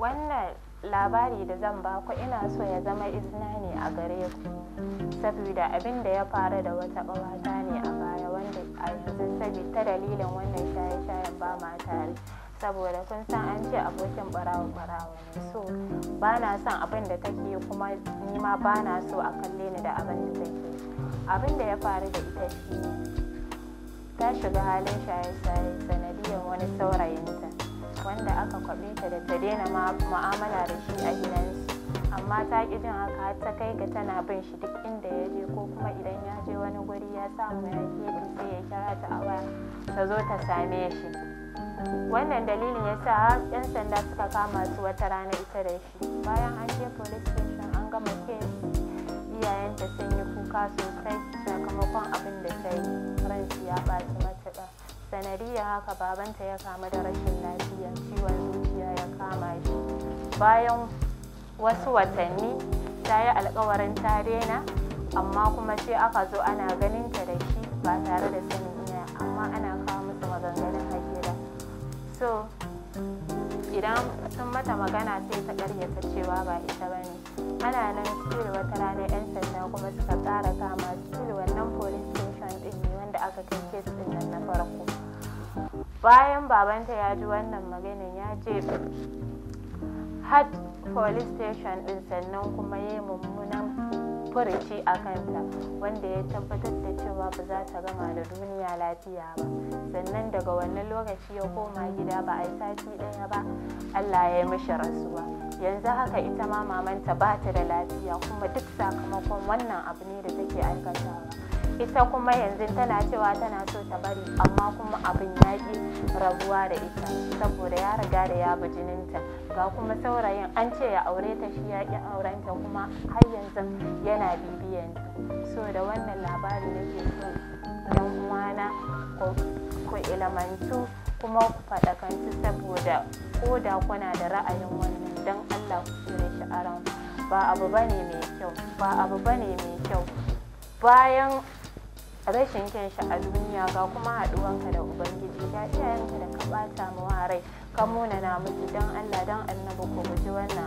wannan labari da zan baku ina so ya zama izina ne a gare ku saboda abin da ya faru da wata ƙawata ne a baya wanda a yanzu saboda dalilin wannan shaye-shayen ba ma tare saboda kun san an ce abokin barawo barawo ne so ba na son abin da take kuma nima ba na so a kalle ni da abin da take abin da ya faru da ita shi ta shiga halin shaye-shaye sanadiyar wani saurayinta wanda aka kwaɓe ta da ta daina mu'amala da shi a gidansu amma ta ƙi jin haka har ta kai ga tana bin shi duk inda ya je ko kuma idan ya je wani guri ya samu ya ke sai ya kira ta a waya ta zo ta same shi wannan dalilin ya sa 'yan sanda suka kama su wata rana ita da shi bayan an je police station an gama iyayen iyayenta sun yi kuka sosai sakamakon abin da ta yi ransu ya ɓaci matuƙa sanadiyar haka babanta ya kamu da rashin lafiya bayan wasu watanni ta yi alkawarin ta daina amma kuma sai aka zo ana ganin ta da shi ba tare da sani iya. amma ana kawo musu maganganun hakira so idan sun mata magana sai ta karyata cewa ba ita ba ne ana nan still wata rana yan sanda kuma suka tsara kama still wannan police station din ne wanda aka kai kes din nan na farko bayan babanta ya ji wannan maganin ya je had police station din sannan kuma ya yi mummunan furici a kanta wanda ya tabbatar da cewa ba za ta gama da duniya lafiya ba sannan daga wannan lokaci ya koma gida ba a yi sati ɗaya ba allah ya yi mishi rasuwa yanzu haka ita ma mamanta ba ta da lafiya kuma duk sakamakon wannan abu ne da take aikatawa ita kuma yanzu tana cewa tana so ta bari amma kuma abin ya rabuwa da ita saboda ya riga da ya bi jininta ga kuma saurayin an ce ya aure ta shi ya ƙi auren ta kuma har yanzu yana bibiyan so da wannan labari ke so yan uwana ku ilmantu kuma ku faɗakantu saboda ko da kuna da ra'ayin wannan don allah ku cire shi ba abu bane mai kyau ba abu bane mai kyau bayan rashin kyan shi a duniya ga kuma haɗuwanka da ubangiji ga iyayenka da ka ɓata mawa rai ka na musu don allah don annabi ku guji wannan